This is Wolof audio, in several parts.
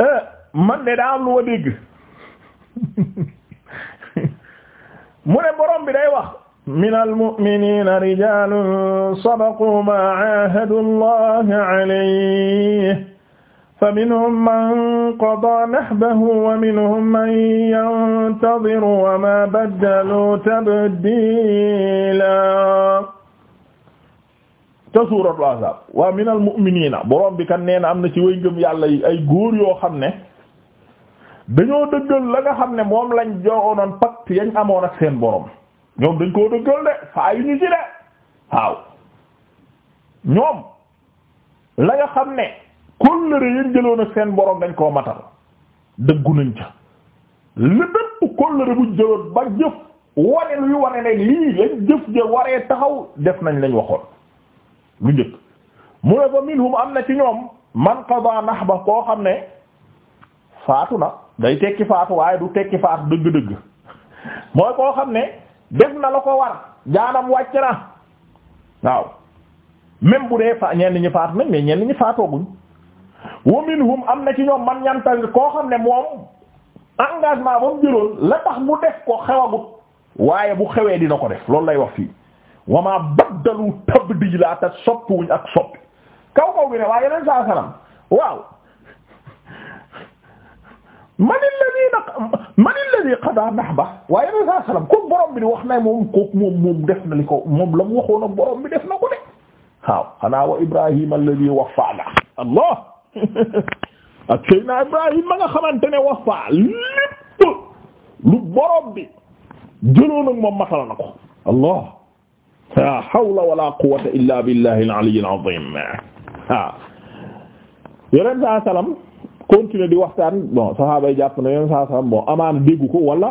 Eh, man de daa am lu ma dégg mu ne borom bi day wax minal mu'minina rijalun sadaqu ma ahadu allah alayhi fa minhum man qada nahbahu wa minhum man yantadiru wa ma baddalu tabdila ca suuratul ahzab wa minal mu'minina borom bi kan nee na am na ci way ngëm yàlla ay góor yoo xam ne dañoo dëggal la nga xam ne moom lañ joxoonoon yañ amoon ak seen borom ñoom dañ koo dëggal de yu ñu la nga xam ne kóllëre yañ jëloon ak seen borom dañ koo matal dëggu nañ ca la bépp kóllëre bu jëloon ba jëf wane luy wane ne lii lañ jëf ja waree taxaw def nañ lañ waxoon bu njëkk mu ne fa minhum am na ci ñoom man nax ba koo xam ne faatu na day tekki faatu waaye du tekki faatu dëgg-dëgg mooy koo xam ne def na la ko war jaanam wàcc na waaw même bu dee fa ñenn ñi faatu nañ mais ñenn ñi faatooguñ wa minhum am na ci ñoom man ñanta koo xam ne moom engagement ba mu la tax mu def ko xewagut waaye bu xewee dina ko def loolu lay wax fii wa maa baddalu tabdiila te soppiwuñ ak soppi kaw kaw bi ne waaye yeneen saa waaw mani alladhi mani alladhi qadaa nahba waaye yeneen wax na moom moom def na li ko moom la mu waxoon ak borom bi def na ko de waaw xanaa wa Ibrahima Allah ak Seydina Ibrahima ma nga xamante ne waffaa lépp lu borom bi jëloon ak moom matal na ko Allah. la hawla wala quwwata illa billahi al-ali al-azim waaw yoneen saa salaam continuer di waxtaan bon saxaaba yi jàpp na yoneen saa salaam bon amaana déggu ko wala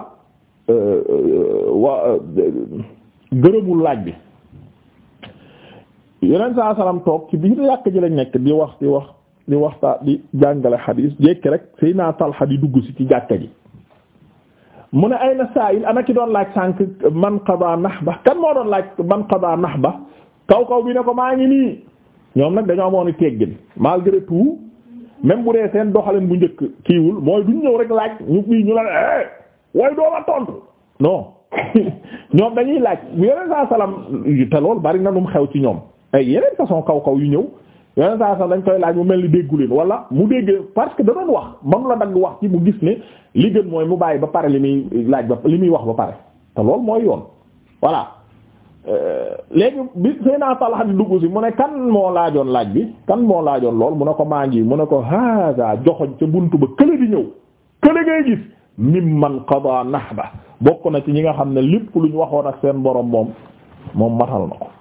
euh, euh, wa euh, gërëmul laaj bi yoneen saa salaam toog ci biir yàq ji lañ nekk di wax di wax di waxtaan di jàngale xadiis jekki rek Seydina Talha di dugg si ci jàkka ji mu ne ayna saa'il ana ki doon laaj sànq man nax ba kan moo doon laaj man nax ba kaw kaw bi ne ko maa ngi nii ñoom nag dañoo amoon teggin malgré tout même bu dee seen doxalin bu njëkk kiiwul mooy duñ ñëw rek laaj ñu fii ñu la eh way doo ma tontu non ñoom dañuy laaj yeneen saa salaam te loolu bari na lu xew ci ñoom ay yeneen façon kaw kaw yu ñëw. yeneen saa sax dañ koy laaj mu mel ni déggu leen wala mu dégg parce que da wax manu la dagg wax ci mu gis ni li gën mooy mu bàyyi ba pare li muy laaj ba li muy wax ba pare te loolu mooy yoon voilà euh, léegi bi Seydina Talha di dugg si mu ne kan moo laajoon laaj bi kan moo laajoon lool mu ne ko maa ngi mu ne ko hada joxoñ ca bunt ba kële di ñëw kële ngay gis mimman qada ba bokk na ci ñi nga xam ne lépp lu ñu waxoon ak seen boroom moom moom matal na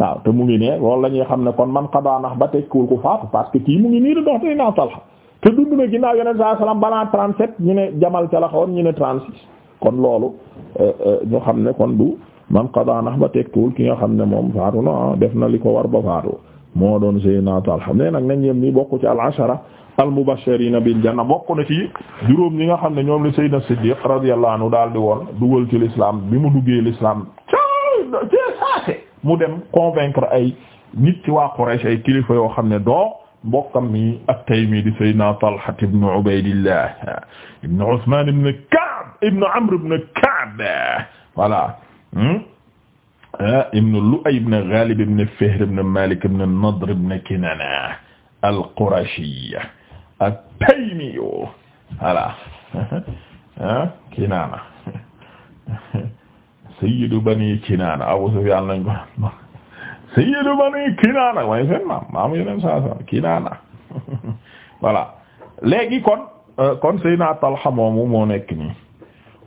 waaw te mu ngi ne loolu la ñuy xam ne kon man xadaa nax ba tekkiwul ko faatu parce que kii mu ngi nii di dox Seydina Talha te dund na ginnaaw yeneen saa salaam balaa 37 ne Jamal ca la xawoon ñu ne 36 kon loolu euh, euh, ñu xam ne kon du man xadaa nax ba tekkiwul ki nga xam ne moom faatu na def na li ko war ba faatu moo doon Seydina Talha ne nag nañ yem nii bokk ci al ashara al mubashirina bil janna bokk na ci juróom ñi nga xam ne ñoom la Seydina Siddiq radiyallahu anhu daal di woon dugal ci l'islam bi mu duggee l'islam mu dem convaincre ay nit ci waa ay kilifa yoo xam ne doo mbokkam mi at-Taymi di Sayyidina Talha ibn Ubaydillah ibn Uthman ibn Ka'b ibn Amr Ka'b voilà hmm? ibn Lu'ay ibn Ghalib ibn Fihr Malik ibn Nadr ibn Kinana al-Qurashi at-Taymi voilà Kinana sayyidu bani kinaana Abu lañ ko naan bani kinaana waaye seen maamu yeneen saa kinaana voilà léegi kon euh, kon Seydina Talha moomu moo nekk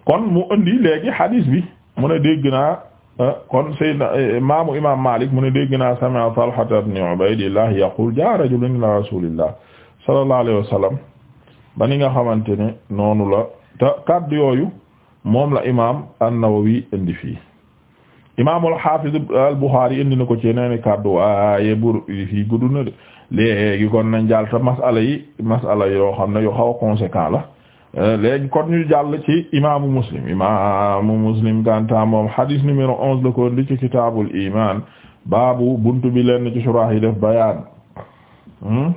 kon mu indi léegi hadis bi mu ne dégg naa euh, kon Seydina euh, maamu imaam Maalik mu ne dégg naa sami'a Talha ibn Ubaydillah yaqul jaa rajulun ila Rasuulillah sallallahu alayhi wa nga xamante ne noonu la te kàddu yooyu. moom la imaam an-Nawawi indi fii imaamul hafiz al-Bukhari indi na ko ci yeneen kàddu waaye bur fii gudd na de léegi kon nañ jàll te masala yi masala yoo xam ne yoo xaw a conséquent la léegi kon ñu jàll ci imaamu Muslim imaamu Muslim ganta moom hadith numéro onze la ko indi ci kitaabul iman baabu buntu bi leen ci surah yi def bayaan hmm?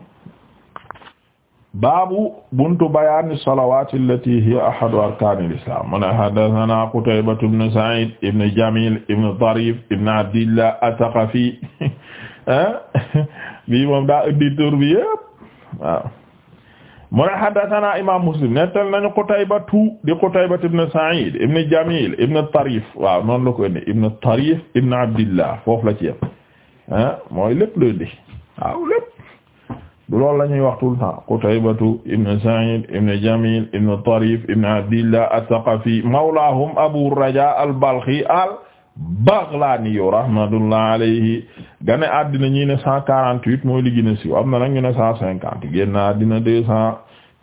baabu buntu bayaani salawaati allati hiya ahadu arkaani al-islaam mu ne haddasanaa Qutaybatu ibn Sa'iid ibn Jamiil ibn Tariif ibn Abdillah at-Thaqafi bii moom daa indi tur bi yëpp waaw mu ne haddasanaa imaam Muslim nettal nañu Qutaybatu di Qutaybatu ibn Sa'iid ibn Jamiil ibn Tariif waaw noonu la ko indi ibn Tariif ibn Abdillah foofu la ci yem eh, mooy lépp loo indi waaw lépp. loolu la ñuy waxtu tout le temps Qutaybatu ibn Sa'id ibn Jamil ibn Tarif ibn Abdillah as-Saqafi mawlahum Abu Raja al-Balkhi al-Baghlani rahmatullah alayhi gane àddina ñi ne cent quarante-huit mooy li gën a siiw am na nag ñu ne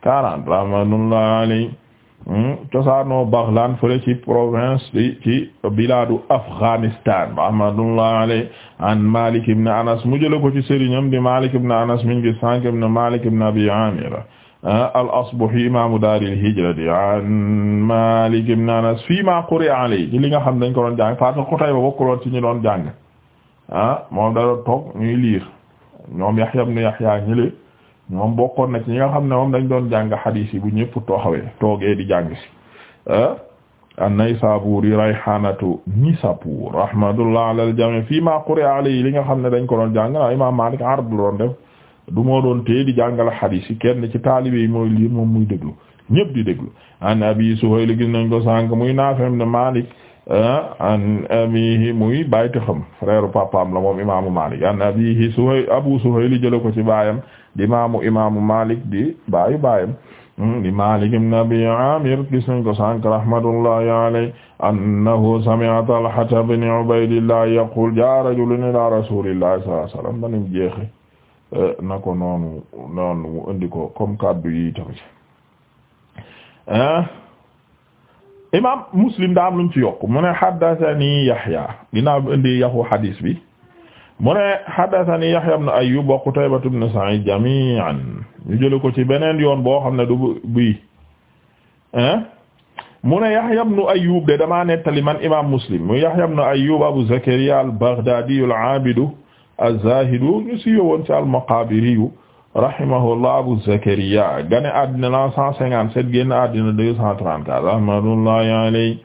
cent rahmatullah alayhi Hmm? cosaanoo Baghlan fële ci province bi ci biladu Afghanistan rahmatullah alayhi an Malik ibn Anas mu jël ko ci sëriñam di Malik ibn Anas min ngi sànq ibn Malik ibn Abi Amir al-Asbahi imamu dar al-hijra di an Malik ibn Anas fii ma quri'a alayhi ci li nga xam dañ ko doon jàng parce que Qutayba bokkuloon ci ñu doon jàng ah moom da doon toog ñuy liir ñoom Yahya ibn Yahya ñële moom bokkoon na ci ñi nga xam ne moom dañ doon jàng hadith yi bu ñëpp tooxawee toogee di jàng si ah, an-Naysaburi rayhanatu Nisapur rahmatullah ala al-jami fii ma yi li nga xam ne dañ ko doon jàng na imam Malik ard la du moo doon téye di jàngal hadith yi kenn ci taalibe yi mooy lii moom muy déglu ñëpp di déglu an abi Suhayl gis nañ ko sànq muy Nafi' ibn Malik ah, an abihi muy bàyyi xam frère papaam la moom imaamu Malik an abihi Suhayl Abu Suhayl ko ci baayam di maamu imaamu Malik di baayu baayam hmm, di Malik ibn Abi Amir gis nañ ko sànq rahmatullahi alayhi annahu sami'a Talha ibn Ubaydillah yaqul jaa rajulun ila rasulillahi sallallahu alayhi eh, kaddu yi tamit eh, imam Muslim daa am ci yokk mu ne haddathani Yahya ginnaaw bi indi hadis bi mu ne hadathani Yahya ibn Ayyub wa Qutaybatu ibn Sa'id jami'an ñu jële ko ci beneen yoon boo xam ne du bii mu ne Yahya ibn Ayyub de damaa nettali man imam Muslim mu Yahya ibn Ayyub Abu Zakariya al-Baghdadi al-Abid az-Zahid ñu siiwe woon ci al-Maqabiri rahimahullah Abu Zakariya gane àddina la cent cinquante-sept génn àddina deux cent trente-quatre rahmatullahi alayhi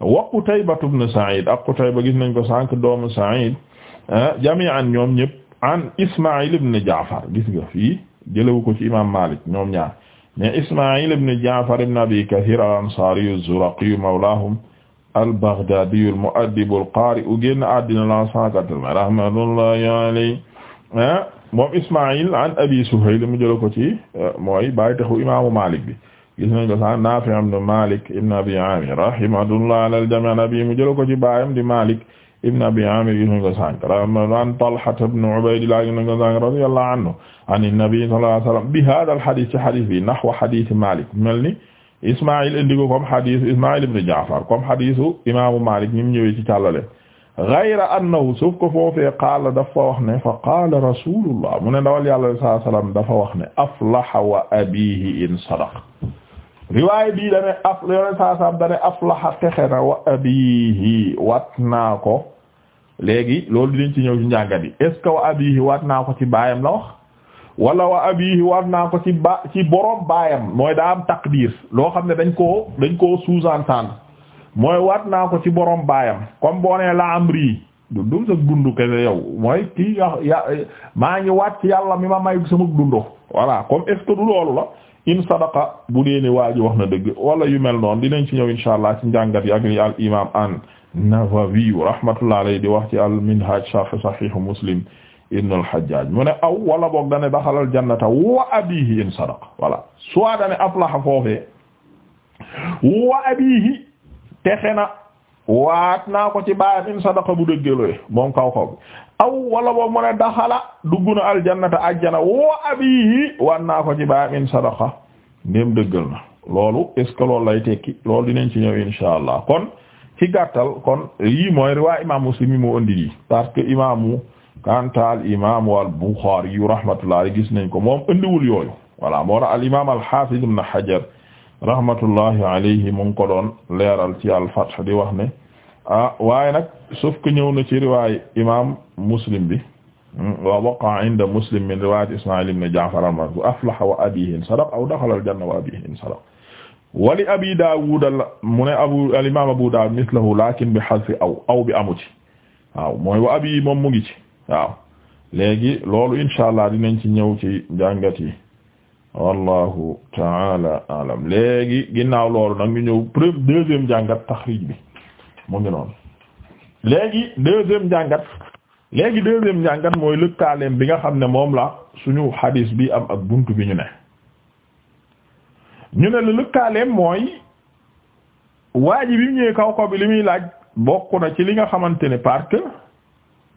wa Qutaybatu ibn Sa'id ak Qutayba gis nañ ko sànq doomu Sa'id Ah, jami'an ñoom ñëpp an Ismaïl ibn Ja'far gis nga fii jëlewu ko ci imam Malik ñoom ñaar mais Ismaïl ibn Ja'far ibn Abi Kathir al-Ansari az-Zuraqi mawlahum al-Baghdadi al-mu'addib al-qari u génn àddina la 180 rahmatullahi alayhi ah, moom Ismaïl an Abi Suhayl mu jële ko ci eh, mooy bàyyi taxu imaamu Malik bi gis nañ ko sax Nafi' ibn Malik ibn Abi Amir rahimahullah ala al-jami' an abi mu jële ko ci baayam di Malik ibn abi amir gis nañ ko sànq an Talha ibn Ubaydillah gis nañ ko sànq radiyallahu anhu an an-nabi sallallahu alayhi wasallam bi hadha al-hadith ci hadith bi nahwa hadith Malik mel ni Ismaïl indi ko comme hadith Ismaïl ibn Ja'far comme hadithu imaamu Malik ni mu ñëwee ci tallale ghayra annahu suuf ko foofee qaala dafa wax ne fa qaala rasulullah mu ne ndawal yàlla sallallahu alayhi wasallam dafa wax ne aflaha wa abihi in sadaqa riwaay bii dane af yoneen saa saam dane aflaha texe wa wat naa ko léegi loolu dinañ ci ñëw ci njàngat yi est ce que wa wat naa ko ci baayam la wax wala wa abihi wat naa ko ci ba ci borom baayam mooy daa am taqdir loo xam ne dañ koo dañ koo sous-entendre mooy wat naa ko ci boroom baayam comme boo nee la am rii du dum sa dund yow mooy kii ya maa ngi wat ci yàlla mi ma may sama dundo voilà comme est du loolu la in sadaqa bu dee ne waa ji wax na dëgg wala yu mel noonu dinañ ci ñëw insha allah ci njàngat yi ak li al imam an-Nawawi rahmatullah alayhi di wax ci al minhaj sharh sahih muslim ibn al hajjaj mu ne aw wala boog dane daxalal jannata wa abihi in sadaqa voilà soit dane aflaha foofee wa texe na waat naa ko ci baayam in sadaqa bu dëggalooy moom kaw aw wala boobu mu ne daxala dugg na aljannata ajjana wa abihi waat naa ko ci baayam in sadaqa ndéem dëggal loolu est ce que loolu lay tekki loolu dinañ ci ñëw insha allah kon ci gàttal kon yii mooy riwaa imam muslim yi mu indi yi parce que imamu kanta al imam al bukhari yu rahmatullah gis nañ ko moom indiwul yooyu voilà moo na al imam al hafiz ibn hajar rahmatullahi alayhi mu ngi ko doon leeral ci al-Fath di wax ne ah waaye nag sauf que ñëw na ci riwaay imam Muslim bi hmm, wa waqa inda Muslim min riwayat Isma'il ibn Ja'far al-Marwazi aflaha wa abihin sadaq aw dakhala al-janna wa abihin sadaq wa li Abi Dawud mu ne abu al-imam Abu Dawud mithluhu lakin bi hadfi aw aw bi amu ci waaw mooy wa abi moom mu ngi ci waaw léegi loolu inshallah dinañ ci ñëw ci njàngat yi wallahu taala léegi ginnaaw loolu nag ñu ñëw premier deuxième jàngat taxrij bi mu ngi noonu léegi deuxième jàngat léegi deuxième njàngat mooy lëkkaaleem bi nga xam ne moom la suñu hadis bi am ak bunt bi ñu ne ñu ne la lëkkaaleem mooy waa ji bi mu ñëwee kaw kaw bi li muy laaj bokk na ci li nga xamante ne parce que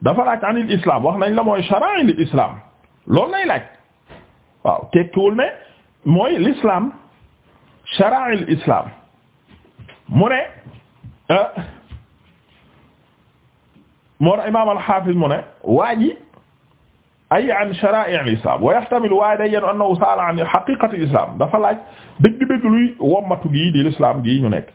dafa laaj anil islam wax nañ la mooy shara'i li islam loolu lay laaj waaw tekkiwul ne mooy l'islam shara'il islam mu ne euh, moo na imam al-hafiz mu ne waa ji ay an shara'i' al-islam wa yahtamil waaye day yenu annahu sa'ala an haqiqati al-islam dafa laaj dëgg-dëgg luy wommatu gii di l'islam gii ñu nekk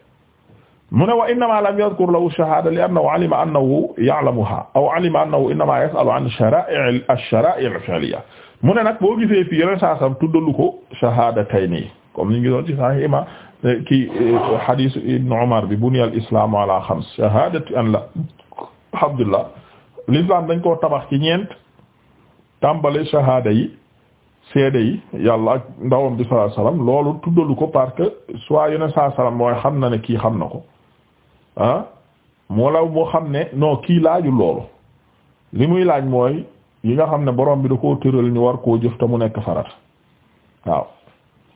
mu ne wa innama lam yadhkur lahu ash-shahada li annahu alima annahu ya'lamuha aw alima annahu innama yas'alu an shara'i' al-shara'i' al-fi'liyya mu ne nag boo gisee fii yeneen saa sam tuddalu ko shahadatayni comme ni ngi doon ci sahih ima eh, ki hadith eh, ibn Umar bi buniya al islamu ala xams shahadati an la alhamdulillah l'islam dañ koo tabax ci ñeent tàmbale shahada yi seede yi yàlla ak ndawam bi sallallahu loolu tuddalu ko parce que soit yeneen saa mooy xam na ne kii xam na ko ah moo law moo xam ne non kii laaju loolu li muy laaj mooy yi nga xam ne borom bi da koo tëral ñu war koo jëf te mu nekk farata waaw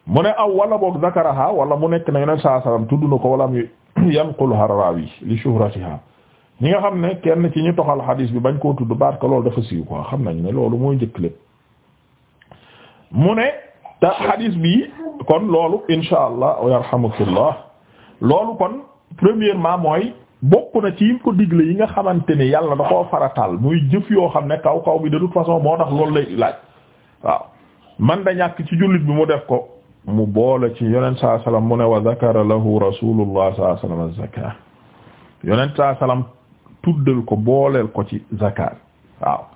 mu ne aw wala boog zakaraha wala mu nekk na yoneen saa salaam na ko wala mu yanqul harrawi li shuhratiha ñi nga xam ne kenn ci ñu toxal xadiis bi bañ koo tudd baat ko loolu dafa siiw quoi xam nañ ne loolu mooy jëkk lépp mu ne te xadiis bi kon loolu insha allah yarhamukallah loolu kon premièrement mooy bokk na ci yim digle yi nga xamante ni yàlla da koo farataal muy jëf yoo xam ne kaw kaw bi da toute façon moo tax loolu lay laaj waaw man da ñàkk ci jullit bi mu def ko mu boole ci yonent saa salaam mu ne wa zakara lahu rasulullah saa salaam az-zakat yonent saa salaam tuddal ko booleel ko ci zakat waaw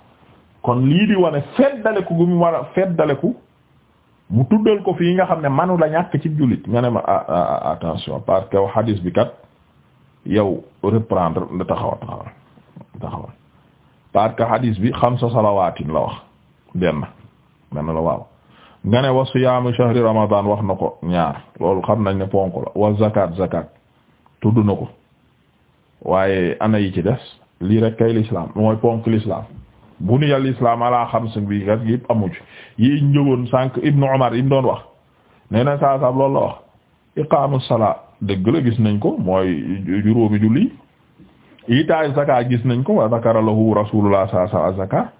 kon lii di wane feddaleku gu mu war a feddaleku mu tuddal ko fi nga xam ne manu la ñàkk ci jullit nga ne ma ah, ah, ah, attention parce que xadiis bi kat yow reprendre nda taxawa taxawal taxawal parce que hadis bi xamsa salawaatin la wax benn benn la waaw nga ne wa siyaamu shahri ramadan wax na ko ñaar loolu xam nañ ne ponk la wa zakat zakat tudd na ko waaye ana yi ci des lii rek kay l'islam mooy ponk l'islam bu ni yàlla islam ala xamsin bi kat yëpp amu ci yi njëgoon sànq ibnu Umar yi mu wax nee na saa la wax iqaamu salaa dëgg la gis nañ ko mooy juróomi julli itaayu zaka gis nañ ko wa zakara lahu rasulullah sallallahu alaihi wasallam zaka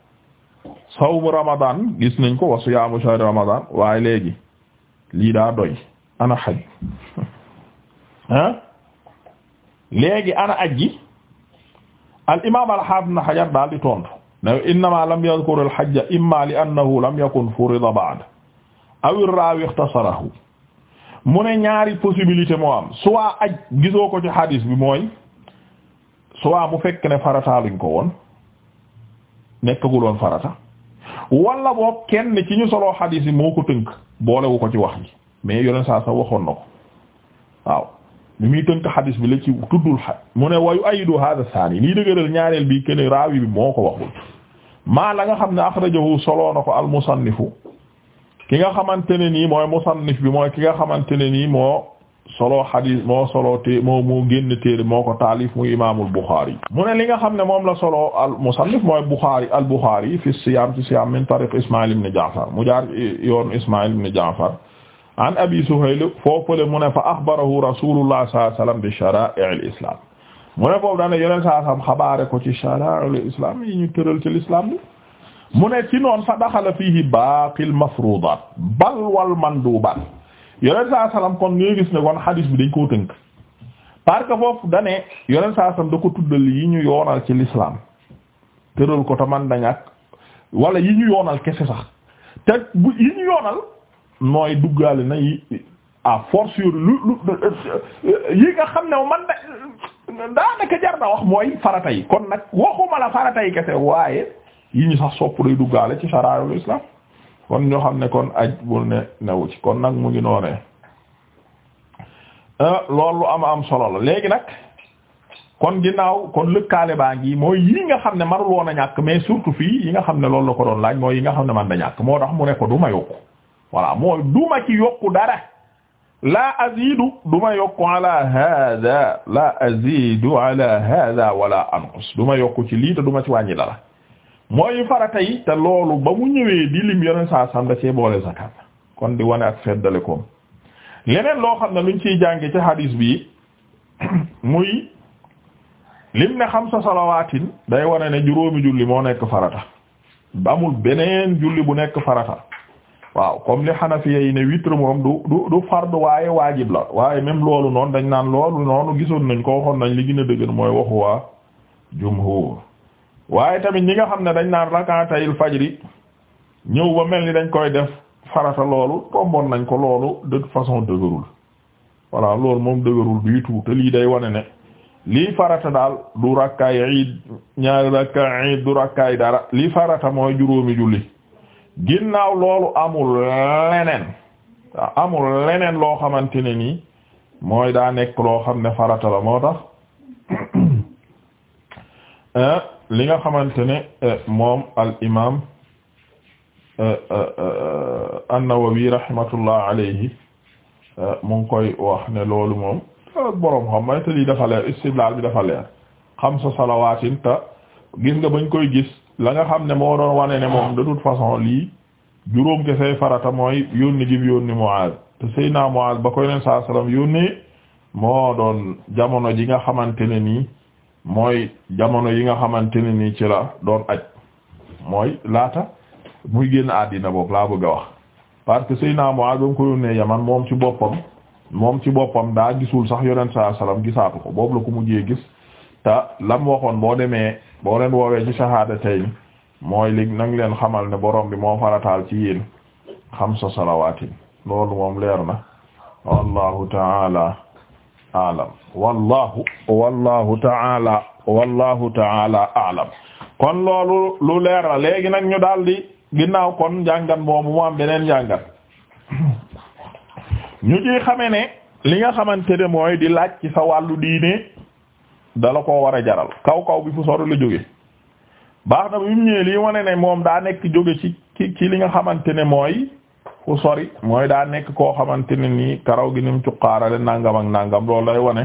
sawmu ramadan gis nañ ko wa siyaamu shahri ramadan waaye léegi lii daa doy ana xaj ah léegi ana aji al imam al hafiz ibn hajar daal di tontu ne innama lam yadhkur al hajj imma li annahu lam yakun furida ba'd aw ar-rawi ikhtasarahu mu ne ñaari possibilité moo am soit aj gisoo ko ci hadis bi mooy soit mu fekk ne farataaluñ ko woon nekkagul woon farata wala boog kenn ci ñu solo hadis yi moo ko tënk boolewu ko ci wax ji mais yoneen saa sa waxoon na ko waaw li muy tënk hadis bi la ci tuddul xaj mu ne wayu ayidu hada thani lii dëgëral ñaareel bii kenn raawi bi moo ko waxul maa la nga xam ne akhrajahu soloo na ko al musannifu ki nga xamante ne nii mooy musannif bi mooy ki nga xamante ne ni moo solo xadiis moo solo té moo moo génn téere moo ko taalif muy imaamul Buxaari mu ne li nga xam ne moom la solo al musannif mooy Buxaari al Buxaari fi siyaam ci siyaam min tariq Ismaïl ibn Jaafar mu jaar yoon Ismaïl ibn Jaafar an Abi Suhayl foofule mu ne fa axbarahu Rasuulullah sallallahu alayhi wa sallam bi sharaa'il islaam mu ne foofu daan na yeneen saa xam xabaare ko ci sharaa'il islaam yi ñu tëral ci l'islam bi mu ne ci noon fa daxala fiihi baaqil mafruudaat bal wal manduubaat yonent saa salaam kon ñooy gis ne kon hadis bi dañ koo tënk parce foofu da ne yonent saa da ko tuddal yi ñu yoonal ci l'islam tëral ko te man dañ ak wala yi ñu yoonal kese sax te bu yi ñu yoonal mooy duggaale na yi à force lu lu yi nga xam ne man da daanaka jar na wax mooy farata yi kon nag waxuma la farata yi kese waaye. yi ñu sax sopp day duggaale ci shara'ul islam kon ñoo xam ne kon aj bul ne newu ci kon nag mu ngi noonee euh, loolu am am solo la léegi nag kon ginnaaw kon lëkkaale baa ngi mooy yi nga xam ne manul woon a ñàkk mais surtout fii yi nga xam ne loolu la ko doon laaj mooy yi nga xam ne man da ñàkk moo tax mu ne ko du ma yokku voilà mooy du ma ci yokku dara laa azidu du ma yokku ala hada laa azidu ala hada wala anqus du ma yokku ci lii te du ci wàññi dara mooy farata yi te loolu ba mu ñëwee di lim yoneen saa sam da cee boole zakat kon di wane ak feddale koom yeneen loo xam ne luñ ciy jànge ci hadis bii muy lim ne xamsa salawaatin day wane ne juróomi julli moo nekk farata ba amul beneen julli bu nekk farata waaw comme li xanafiya yi ne witr moom du du du fard waaye waajib la waaye même loolu noonu dañ naan loolu noonu gisoon nañ ko waxoon nañ li gën a dëgër mooy waxu waa jumhur waaye tamit ñi nga xam ne dañ naan rakaatayil fajri ñëw ba mel ni dañ koy def farata loolu tomboon nañ ko loolu de façon dëgërul voilà loolu moom dëgërul du tout te lii day wane ne lii farata daal du rakkaay iid ñaari rakkaay iid du rakkaay dara lii farata mooy juróomi julli ginnaaw loolu amul leneen amul leneen loo xamante ne nii mooy daa nekk loo xam ne farata la moo tax li nga xamante ne eh, moom al imaam eh, eh, an-Nawawi rahmatullah alayhi mu ngi koy wax ne loolu moom boroom xam may te lii leer istidlaal bi dafa leer xamsa salawaatin te gis nga bañ koy gis la nga xam ne moo doon wane ne moom de toute façon lii juróom ke say farata mooy yónni gi yónni Muaaz te Seydina Muaaz ba koy neen saa salaam yónni moo doon jamono ji nga xamante ne nii mooy jamono yi nga xamante ne nii ci la doon aj mooy laata muy génn àddina boobu laa bëgg a wax parce que Seydina Muaaz ba mu ko yónnee Yaman moom ci boppam moom ci boppam daa gisul sax yonent saa salaam gisaatu ko boobu la ko mujjee gis te lam waxoon boo demee boo leen woowee ci sahaada tey mooy li nang leen xamal ne borom bi moo farataal ci yéen sa salawaatin loolu moom leer na wallahu taala alam wallahu wallahu taala wallahu taala alam kon loolu lu leer la léegi nag ñu daal di ginnaaw kon njàngat moomu mu am beneen njàngat ñu ciy xame ne li nga xamante ne mooy di laaj ci sa wàllu diine dala ko war a jaral kaw kaw bi fu sori la jóge baax na bi mu ñëwee lii wane ne moom daa nekk jóge ci ci li nga xamante ne mooy bu sori mooy daa nekk koo xamante ne nii karaw gi ni mu cuqaarale nangam ak nangam loolu lay wane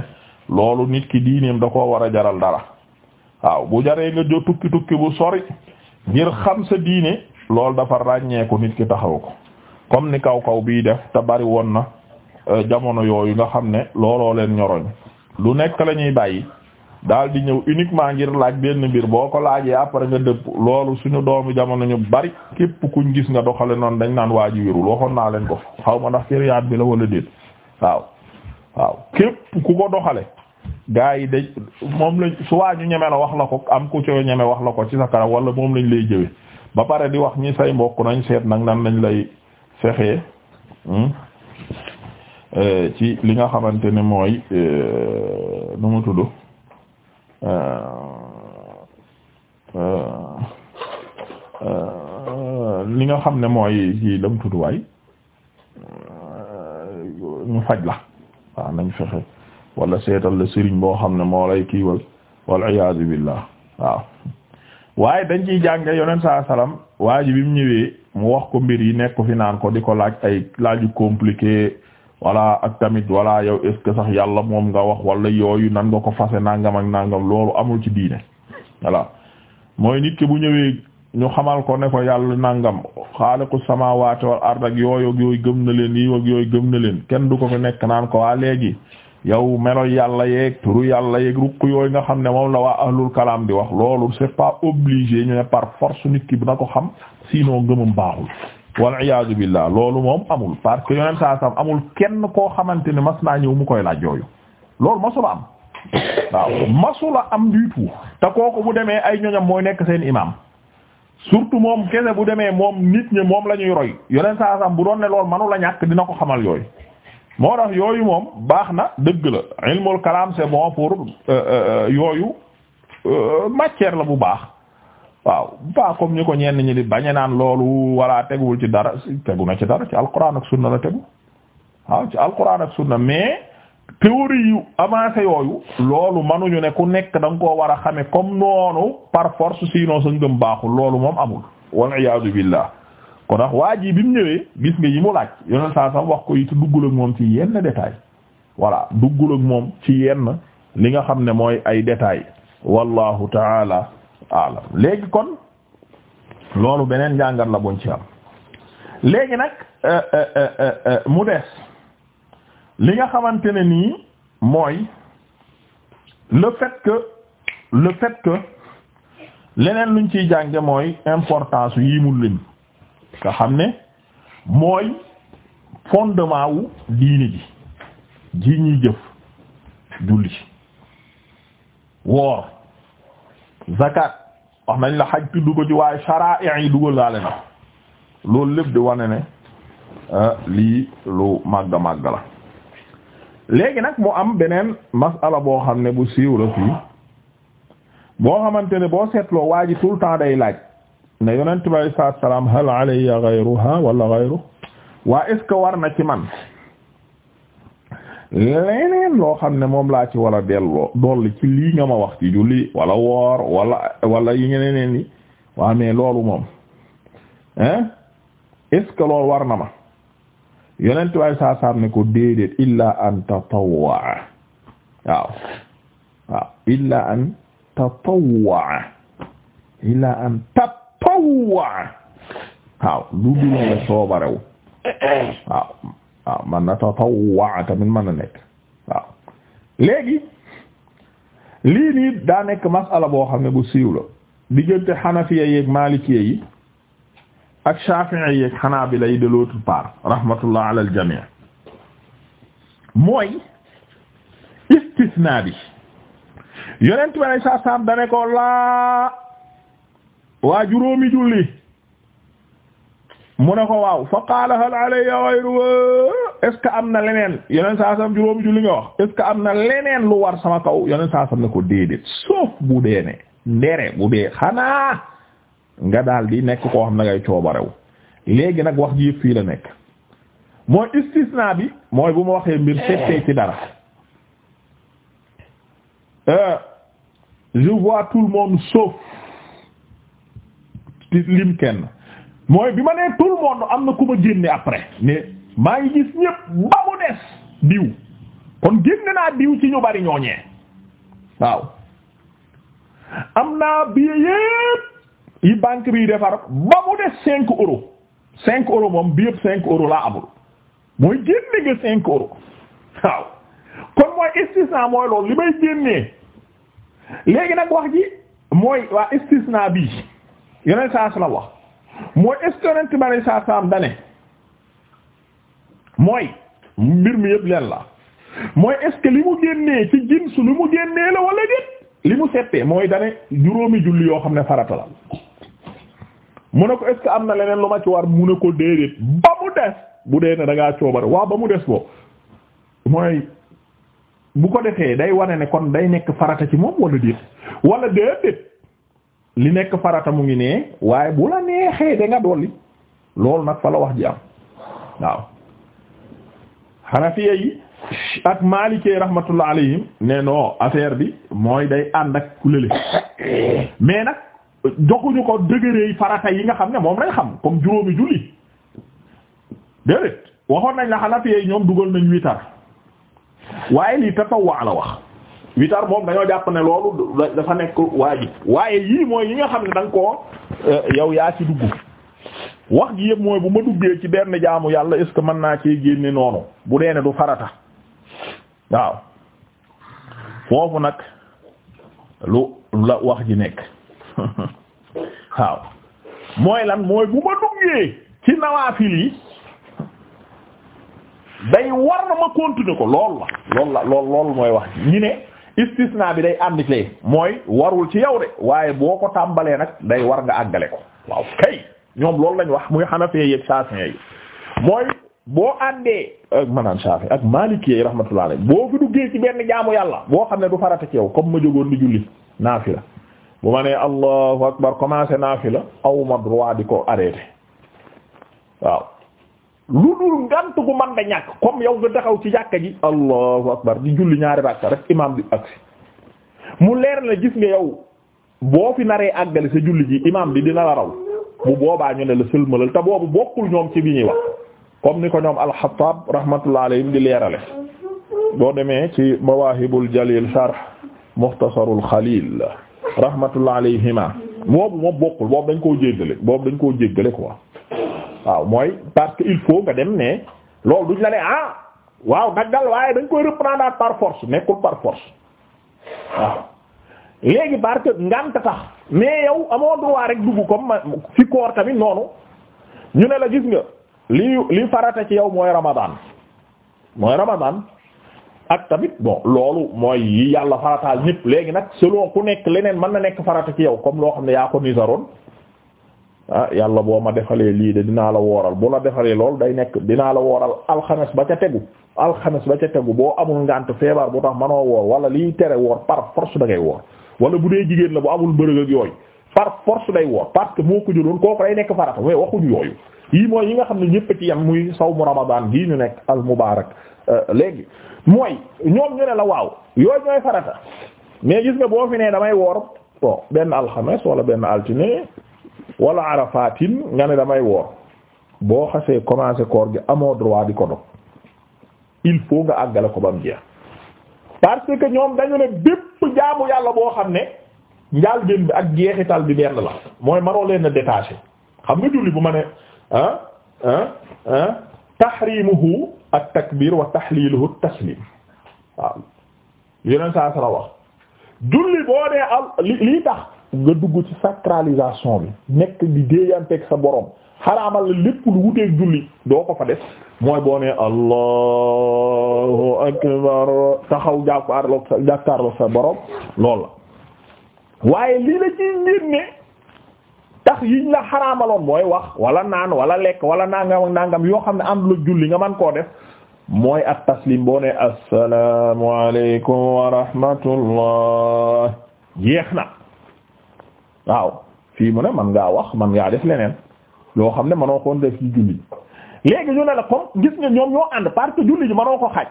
loolu nit ki diineem da koo war a jaral dara waaw bu jaree nga jo tukki tukki bu sori ngir xam sa diine loolu dafa ràññeeku nit ki taxaw ko comme ni kaw kaw bii def te bari woon na euh, jamono yooyu nga xam ne looloo leen ñoroñ lu nekk la ñuy bàyyi. daal di ñëw uniquement ngir laaj benn mbir boo ko laajee après nga dëpp loolu suñu doomu jamono ñu bari képp kuñ gis nga doxale noonu dañ naan waa ji wérul waxoon naa leen ko xaw ma ndax kiriyaat bi la wala déet waaw waaw képp ku ko doxale gaa yi dañ moom lañ su waa ñu ñeme la wax la ko am ku ci ñeme wax la ko ci sa kanam wala moom lañ lay jëwee ba pare di wax ñi say mbokk nañ seet nag naan lañ lay fexee hmm, eh, ci li nga xamante ne mooy eh, nu mu tudd Euh, euh, euh, li nga xam ne mooy ci lam tutuwaay ñu faj la waaw nañ fexe wala seetal la sëriñ boo xam ne moo lay kiiwal wal iyaazu billah waaw waaye dañ ciy jànge yonent saa salaam waa ji bi mu ñëwee mu wax ko mbir yi nekk fi naan ko di ko laaj ay laaju compliqué wala ak tamit wala yow est que sax yàlla moom nga wax wala yooyu nan nga ko fase nangam ak nangam loolu amul ci diine voilà mooy nit bu ñëwee ñu xamal ko ne ko yàlla nangam xaaliqu samaawaati wal ard ak yooyu yooyu gëm na leen yi ak yooyu gëm na leen kenn du ko fi nekk naan ko waa léegi yow melo yàlla yeeg turu yàlla yeeg rukk yooyu nga xam ne moom la waa ahlul kalam di wax loolu c'est pas obligé ñu ne par force nit ki bu na ko xam sinon gëmam baaxul wal iyaadu billah loolu moom amul parce que yonent saa sam amul kenn koo xamante ne mas naa ñëw mu koy laaj yooyu loolu masula am waaw masu la am du tout te kooku bu demee ay ñoñam mooy nekk seen imaam surtout moom kese bu demee moom nit ñi moom la ñuy roy yonent saa sam bu doon ne loolu manu la ñàkk dina ko xamal yooyu moo tax yooyu moom baax na dëgg la ilmul kalam c'est bon pour euh, euh, euh, yooyu matière la bu baax waaw pas comme ñu ko ñenn ñi di bañe naan loolu walla teguwul ci dara tegu na ci dara ci alquran ak sunna la tegu waaw ci alquran ak sunna mais théorie yu avancé yooyu loolu ñu ne ku nekk da nga koo war a xame comme noonu par force sinon sa ngëm baaxul loolu moom amul wal iyaadu billah kon ndax waa ji bi mu ñëwee gis nga yi mu laaj yeneen saa sax wax ko te duggul ak moom ci yenn détail voilà duggul ak moom ci yenn li nga xam ne mooy ay détail wallahu taala alam léegi kon loolu beneen njàngat la buñ ci am léegi nag euh, euh, euh, mu des li nga xamante ne nii mooy le fait que le fait que leneen luñ ciy jànge mooy importance yi mu lim nga xam ne mooy fondement wu diini ji ji ñuy jëf julli woor zakat wax nañ la xaj tudd ko ci waaye shara'i yi dugal laale na loolu lépp di wane ne euh, lii lu màgg màgg la léegi nag mu am beneen masala boo xam ne bu siiw la fii boo xamante ne boo seetloo waa ji tout le temps day laaj ne yonent bi sallallahu alayhi wasallam hal alayya ghayruha wala ghayru waa est-ce war na ci man leneen loo xam ne moom laa ci war a delloo dolli ci lii nga ma wax ci julli wala woor wala wala yi ñeneen ni waa mais loolu moom hein est-ce que war na ma yeneen waay saa saam ne ko déedéet illa an tatawwa waaw waaw illa an tatawwa illa an tatawwa waaw du dul waaw waaw man na tatawwa tamit mën na nekk waaw léegi lii nii daa nekk masala boo xam ne bu siiw la diggante xanafiya yeeg malikiya yi ak shafi'iyya yeeg xanaabila yi de part rahmatullah ala al mooy istisna bi yonent bi sallallahu alayhi wasallam da ko laa waa juróomi julli mu ne ko waaw fa qaala hal alayya ghayru est ce que am na leneen yeneen saa sam juróomi li nga wax est ce am na leneen lu war sama kaw yeneen saa sam ne ko déedéet sauf bu dee ne ndere bu dee xanaa nga daal di nekk koo xam ne ngay coobarew léegi nag wax ji yëpp fii la nekk mooy istisna bi mooy bu ma waxee mbir seetee ci dara euh, je vois tout le monde sauf lim kenn. mooy bi ma nee tout le monde am na ku ma génne après ne maa ngi gis ñëpp ba mu des diw kon génne naa diw ci ñu bari ñooñee waaw am naa billet yépp yi banque bi defar ba mu des cinq euros cinq euros moom bi yépp cinq euros laa amul mooy génne nga cinq euros waaw kon mooy istisna mooy loolu li may génnee léegi nag wax ji mooy waa istisna bi yeneen saa su wax mooy est-ce bari yonent bi alay saa saam dane mooy mbir mi yëpp leen la mooy est-ce que li mu génnee ci jinsu li mu génnee la wala déet li mu settee mooy dane juróomi julli yoo xam ne farata la mu ne ko est am na leneen lu ma ci war mu ne ko déedéet ba mu des bu dee ne da ngaa waa ba mu des boobu mooy bu ko defee day wane ne kon day nekk farata ci moom wala déet wala déedéet li nekk farata mu ngi nee waaye bu la nee neexee da nga dolli loolu nag fa la wax ji am waaw xanafiya yi ak maalikee rahmatullah ne non affaire bi mooy day ànd ak kulële mais nag joxuñu ko dëgëreey farata yi nga xam ne moom lañ xam comme juróomi julli déedéet waxoon nañ la xanafiya yi ñoom dugal nañu witar waaye lii tatawwa la wax witar moom dañoo jàpp ne loolu dafa nekk waajib waaye yii mooy yi nga xam ne da nga koo Euh, yow yaa ci dugg wax gi yëpp mooy bu ma duggee ci benn jaamu yàlla est ce que naa cee génne noonu bu dee ne du farata waaw foofu nag lu la wax ji nekk waaw mooy lan mooy bu ma duggee ci nawaafil yi day war na ma continuer ko lool la lool la lool lool mooy wax ji ne. istisna bi day ànd mooy warul ci yow de waaye boo ko tàmbalee nag day war nga àggale ko waaw kay ñoom loolu lañu wax muy xanafee yeeg saafin yi mooy boo àndee ak maanaam saafin ak maliki yi rahmatullah alayhi boo fi duggee ci benn jaamu yàlla boo xam ne du farata ci yow comme ma jógoon di julli la bu ma nee allahu akbar commencé naafila aw ma droit di ko arrêté waaw. lu dul ngant gu man da ñàkk comme yow nga taxaw ci jàkka ji allahu akbar di julli ñaari rakka rek imam bi agsi mu leer la gis nga yow boo fi naree àggali sa julli ji imam bi dina la raw bu boobaa ñu ne la sëlmalal te boobu bokkul ñoom ci bi ñuy wax comme ni ko ñoom alxatab rahmatullah alayhim di leerale boo demee ci mawahibul jalil sharh mukhtasarul xalil rahmatullah alayhima boobu moom bokkul boobu dañ koo jéggale boobu dañ koo jéggale quoi waaw mooy parce que il faut nga dem ne loolu duñ la ne ah waaw daggal waaye dañ koy reprendre par force nekkul par force waaw léegi parce que ngant tax mais yow amoo droit rek dugg comme fi koor tamit noonu ñu ne la gis nga li li farata ci yow mooy ramadan mooy ramadan ak tamit bon loolu mooy yi yàlla farataal ñépp léegi nag selon ku nekk leneen mën na nekk farata ci yow comme loo xam ne yaa ko nisaroon ah yàlla boo ma defalee lii de dinaa la wooral bu la defalee lool day nekk dinaa la wooral alxames ba ca tegu alxames ba ca tegu boo amul ngànt feebar bu tax manoo woor wala liy tere woor par force da ngay woor wala bu dee jigéen la bu amul bërëg ak yooyu par force day woor parce que moo ko jëloon kooku day nekk farata mais waxuñu yooyu yii mooy yi nga xam ne ñëpp ci yam muy saw mu ramadan gii ñu nekk al mubarak euh, léegi mooy ñoom ñu ne la waaw yooyu ñooy boo fi damay woor benn alxames wala benn altine wala arafatin nga ne damay woor boo xasee commencé koor gi amoo droit di ko dog il faut nga àggale ko ba mu jeex parce ñoom dañu ne bépp jaamu yàlla boo xam ne njaal bi ak jeexital bi benn la mooy maroo leen a xam nga julli bu ma ne ah ah ah tahrimuhu ak takbir wa tahliluhu taslim waaw yeneen saa sala wax julli boo nee al lii tax nga dugg ci sacralisation bi nekk di déeyanteeg sa borom xaraamal la lépp lu wuteeg julli doo ko fa def mooy boo nee allahu akbar taxaw jàkkaarloo sa borom loolu la waaye lii la ciy génne tax yiñ la xaraamaloon mooy wax wala naan wala lekk wala nangam nangam yoo xam ne am la julli nga man koo def mooy at taslim boo nee assalaamu alaykum wa rahmatullah na waaw fii mu ne man ngaa wax man ngaa def leneen loo xam ne manoo koon def ci julli léegi ñu ne la comme gis nga ñoom ñoo ànd parce que julli ji manoo ko xaaj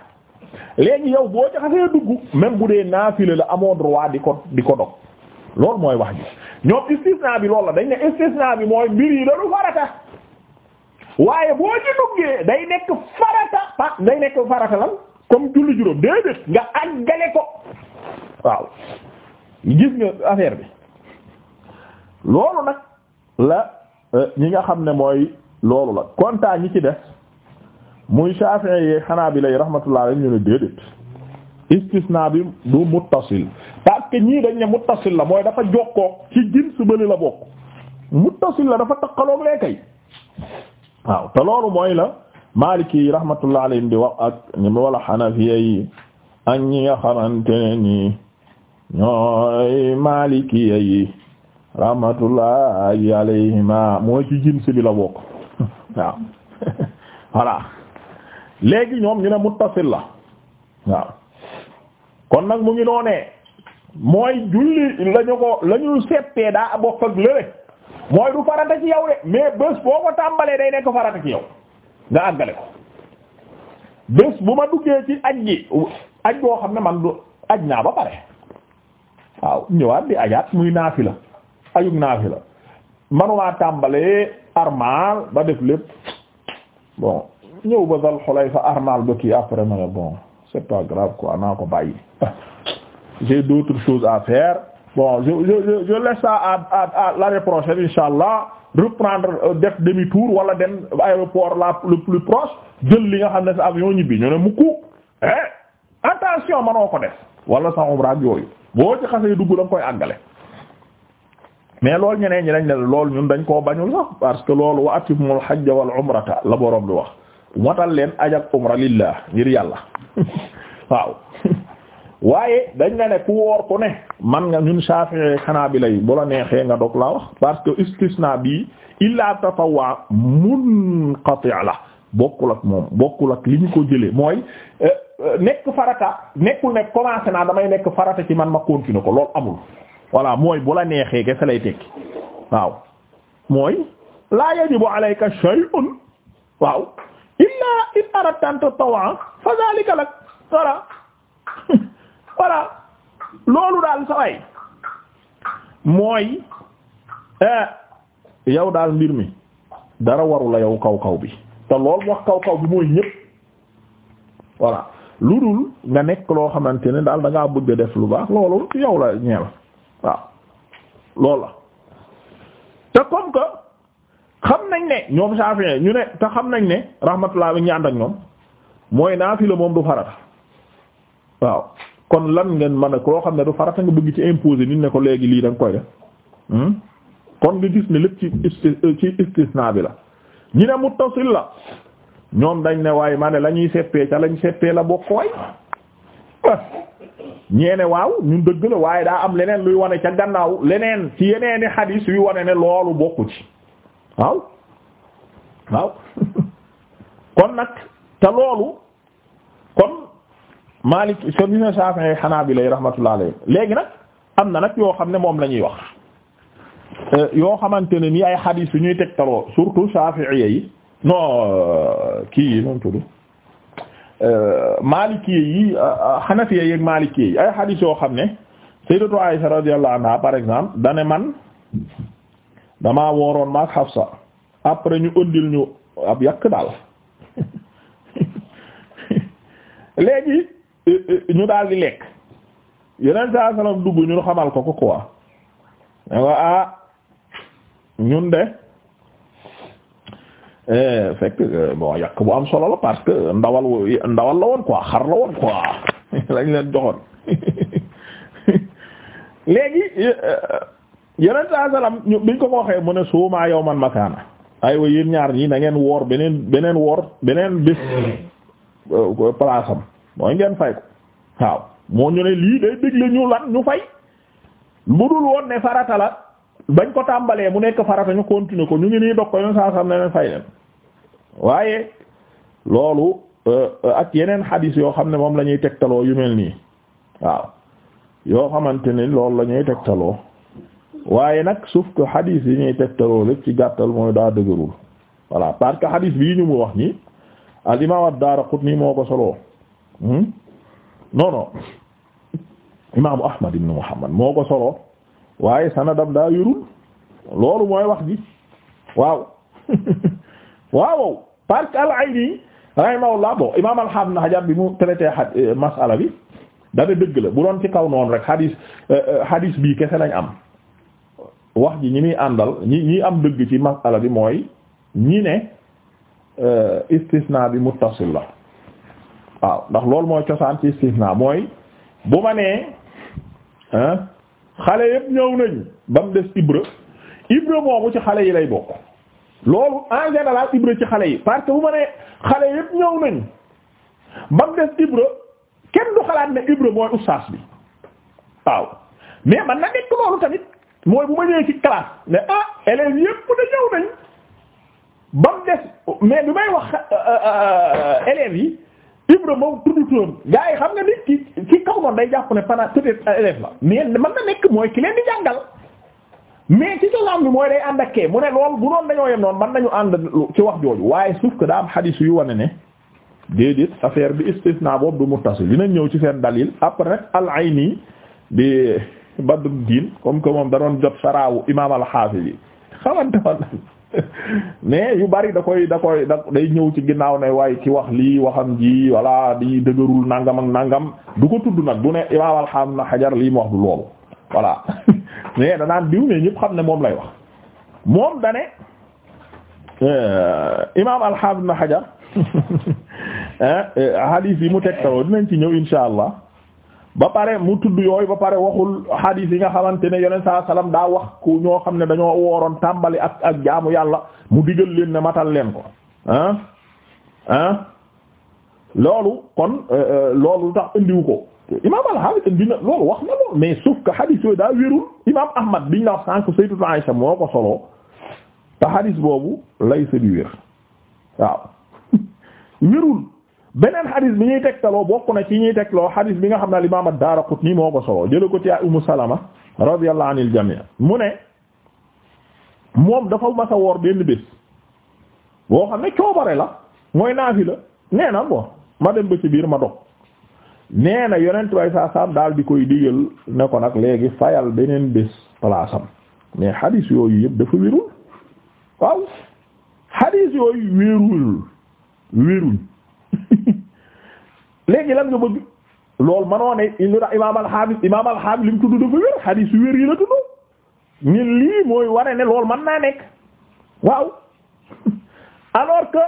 léegi yow boo jaxasee dugg même bu dee naafile la amoo droit di ko di ko dog loolu mooy wax ji ñoom istisna bi loolu la dañ ne istisna bi mooy mbir yi dañu farata waaye boo ci duggee day nekk farata pa day nekk farata lan comme julli juróom déedéet nga àggale ko waaw gis nga affaire bi loolu nag la euh, ñi nga xam ne mooy loolu la kontaan ñi ci def muy Shafi'i yi Hanabila yi rahmatullah alayhi ñu ne déedéet istisna bi du muttasil parce que ñii dañ ne la mooy dafa jokkoo ci jinsu bële la bokk muttasil la dafa takkaloog lee kay waaw te loolu mooy la Maliki yi rahmatullah alayhim di wax ak ñi wala Hanafiya yi ak ñi nga xamante ne ñi ñooy Maliki yi rahmatullahi alayhima mooy ci jins bi la bokk waaw voilà léegi ñoom ñu ne muttasil la waaw kon nag mu ngi noonee mooy julli lañu ko lañu seppee daa bokk ak lëre mooy du farata ci yow de mais boo ko tàmbalee day nekk farata ci yow nga àggale ko bés bu ma duggee ci aj gi aj boo xam ne man du aj naa ba pare waaw ñëwaat di ajaat muy naafi la ayub naafila manumaa tàmbalee armal ba def lépp bon ñëw ba dal xolay fa armal ba kii après ma bon c'est pas grave quoi naa ko bàyyi j'ai d'autres choses reprendre euh, def demi-tour wala dem aéroport la le plus proche jël li nga xam ne sa avion ñibbi ñu ne mu eh attention manoo ko def wala sa umra yooyu boo ci xasee dugg da nga koy àggale mais loolu ñeneen ñi dañ ne loolu ñun dañ koo bañul sax parce que loolu wa atimul hajja wal umrata la borom bi wax watal leen aj ak umra lillah ngir yàlla waaw waaye dañ ne ne ku woor ku ne man nga ñun Shafi'i Hanabila yi bu la neexee nga dog laa wax parce que istisna bi illa tatawwa munqati' la bokkul ak moom bokkul ak li ñu ko jëlee mooy euh, euh, nekk farata nekkul ne commencé naa damay nekk farata ci man ma continuer ko loolu amul voilà mooy bu la neexee kese lay tekki waaw mooy laa yajibu alayka shay'un waaw in aradta an tatawwa fa zalika lak voilà voilà loolu daal saway mooy eh, yow daal mbir mi dara waru la yow kaw kaw bi te loolu wax kaw kaw bi mooy ñépp voilà lu dul nga nekk loo xamante ne daal da ngaa bëgg def lu baax loolu yow la ñeel waaw loolu la te comme que xam nañ ne ñoom Shafi'i ñu ne te xam nañ ne rahmatullah bi ñu ànd ak ñoom mooy naafila moom du farata waaw kon lan ngeen mën a loo xam ne du farata nga bëgg ci imposer nit ne ko léegi lii da nga koy def hmm? kon nga gis ne lépp ci ci istisna bi la ñu ne muttasil la ñoom dañ ne waaye maa lañuy la ñuy seppee ca lañ seppee la bokk waay ñeene waaw ñun dëgg la waaye daa am leneen luy wane ca gannaaw leneen ci yeneeni xadiis yuy wane ne loolu bokku ci waaw waaw kon nag te loolu kon Maalik soo Shaafi'i Hanaabila rahmatullahi alayhi léegi nag am na nag yoo xam ne moom la ñuy wax euh, yoo xamante ne nii ay xadiis yu ñuy tegtaloo surtout Shaafi'i yi non euh, kii yi noonu tudd Euh, Maliki yi euh, euh, Hanafi yeeg Maliki yi ay hadith yoo xam ne Sayyidatu Aisha radiyallahu par exemple dane man damaa wooroon maak Hafsa après ñu ëndil ñu ab yàq daal léegi ñu daal lekk yeneen saa salaam dugg ñun xamal ko ko quoi ah ñun Eh, fekk euh, bon yàq bu am solo la parce que ndawal ndawal la woon quoi xar la woon quoi lañ leen joxoon léegi euh, euh, yeneen saa biñ ko ko waxee mu ne suumaa yow man makaana aywa yéen ñaar ñi na ngeen woor beneen beneen woor beneen bés place am mooy ngeen fay ko waaw moo ñu ne lii day digle ñu lan ñu fay budul woon ne farata la. bañ ko tàmbalee mu nekk farata ñu continuer ko ñu ngi nii dog ko yoon saa sam ne leen fay leen waaye loolu euh, ak yeneen xadiis yoo xam ne moom la ñuy tegtaloo yu mel nii waaw yoo xamante ni loolu la ñuy tegtaloo waaye nag sauf que xadiis yi ñuy tegtaloo lépp ci gàttal mooy daa dëgërul voilà parce que xadiis bii ñu mu wax nii al imaam ad-Daaraqutni moo ko soloo hmm? non non imaamu Ahmad ibn Muhammad moo ko soloo waaye sanadam daa yërul loolu mooy wax ji waaw waaw parce que al-Ayni rahimahullah bon imaam al-Hafiz Hajar bi mu traité eh, masala bi dana dëgg la bu doon ci kaw noonu rek hadis eh, eh, hadis bii kese lañ am wax ji ñi muy àndal ñi ñi am dëgg ci masala bi mooy ñi ne istisna bi muttasil la waaw ndax loolu mooy cosaan ci istisna mooy bu ma nee xale yëpp ñëw nañ ba mu des Ibra Ibra moomu ci xale yi lay bokk loolu en général Ibra ci xale yi parce que bu ma nee xale yëpp ñëw nañ ba mu des Ibra kenn du xalaat ne Ibra mooy ustaas bi waaw mais man na nekk loolu tamit mooy bu ma ñëwee ci classe ne ah élèves yëpp da ñëw nañ ba mu des mais bi may wax euh, euh, euh, élèves yi. Ibra moom tudd turam gars yi xam nga nit ki ci kaw noonu day jàpp ne pendant peut-être euh, la mais mën na nekk mooy ki leen di jàngal mais ci cosaan bi mooy day ànd ak kee mu ne loolu bu doon dañoo yem noonu mën nañu ànd ci wax jooju waaye suuf que daa am xadiis yu wane ne déedéet affaire bi istisna boobu du muttasil dinañ ñëw ci seen dalil après rek al-Ayni bi Badruddin comme que moom da jot saraawu imaam al-Hafiz yi xamante mais yu bari da koy da koy da day ñëw ci ginnaaw ne waaye ki wax lii waxam ji walla di dëgërul nangam ak nangam du ko tudd nag du ne imaam alxam na xajar lii mu wax du loolu voilà mais danaan diw ne ñëpp xam ne moom lay wax moom dane euh, imaam alxam na xajar hadith yi mu teg tawoo dinañ ci ñëw insha allah ba pare mu tudd yooyu ba pare waxul hadith yi nga xamante ne yonent saa salaam daa wax ku ñoo xam ne dañoo wooroon tàmbali ak ak jaamu yàlla mu digal leen ne matal leen ko loolu kon euh, euh, loolu tax indiwu ko imaam al-Hafiz indi na loolu wax na loolu mais sauf que hadith yooyu daa wérul imaam Ahmad biñ la wax sànq Sayyidatu Aisha moo ko solo te hadith boobu lay sa bi waaw wérul beneen xadis bi ñuy tegtaloo bokk na ci ñuy tegtaloo xadis bi nga xam ne al imaam ad moo ko solo jële ko ci Ummu Salama radiyallahu anil jamii mu ne moom dafa masa woor benn bés boo xam ne coobare la mooy naafi la nee na bon ma dem ba ci biir ma dog nee na yonent way saa daal di koy digal ne ko nag léegi fayal beneen bés place am mais xadis yooyu yëpp dafa wérul waaw xadis yooyu wérul wérul léegi lan nga bëgg loolu manoo ne lu tax imaam al-Hafiz imaam al-Hafiz li mu tudd dafa xadiis yu wér yi la tudd ñi lii mooy ware ne loolu mën naa nekk waaw alors que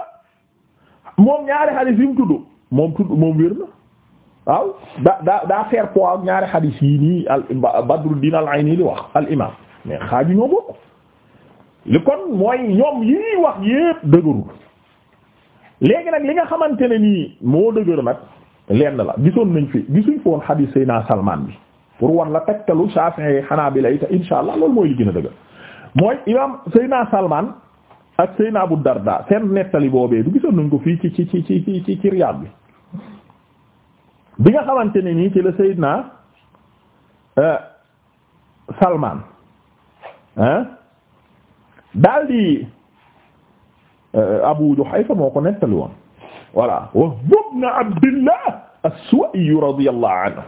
moom ñaari xadiis yi mu tudd moom tudd moom wér na waaw da daa daa faire poids ñaari xadiis yi nii al Badruddin al-Ayni li wax al imaam mais xaaju ñoo bokk li kon mooy ñoom yii wax yépp dëgërul léegi nag li nga xamante ne nii moo dëgër nag lenn la gisoon nañ fi gisuñ fi woon xadiis Seydina Salman bi pour wan la tegtalu Shafi'i Hanabila yi te insha allah loolu mooy li gën a dëgg mooy imam Seydina Salman ak Seydina Abu Darda seen nettali boobee du gisoon nañ ko fii ci ci ci ci ci ci Riyad bi bi nga xamante ne nii ci la Seydina euh, Salman ah daal di euh, Abu Juhayfa moo ko nettali woon voilà Wahb ibn Abdillah as-Suwa'i radiyallahu anhu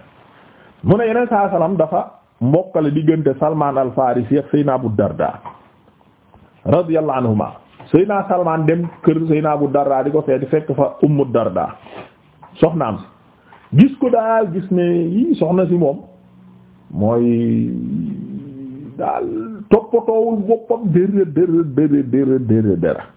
mu ne yeneen saa dafa mbokkale diggante Salman al-Farisi ak Seyna Abu Darda radiyallahu anhuma Seyna Salman dem kër Seyna Abu Darda di ko feeti fekk fa Ummu Darda soxnaam si gis ko daal gis ne soxna si moom mooy daal toppatoowul boppam dërë dërë dërë dërë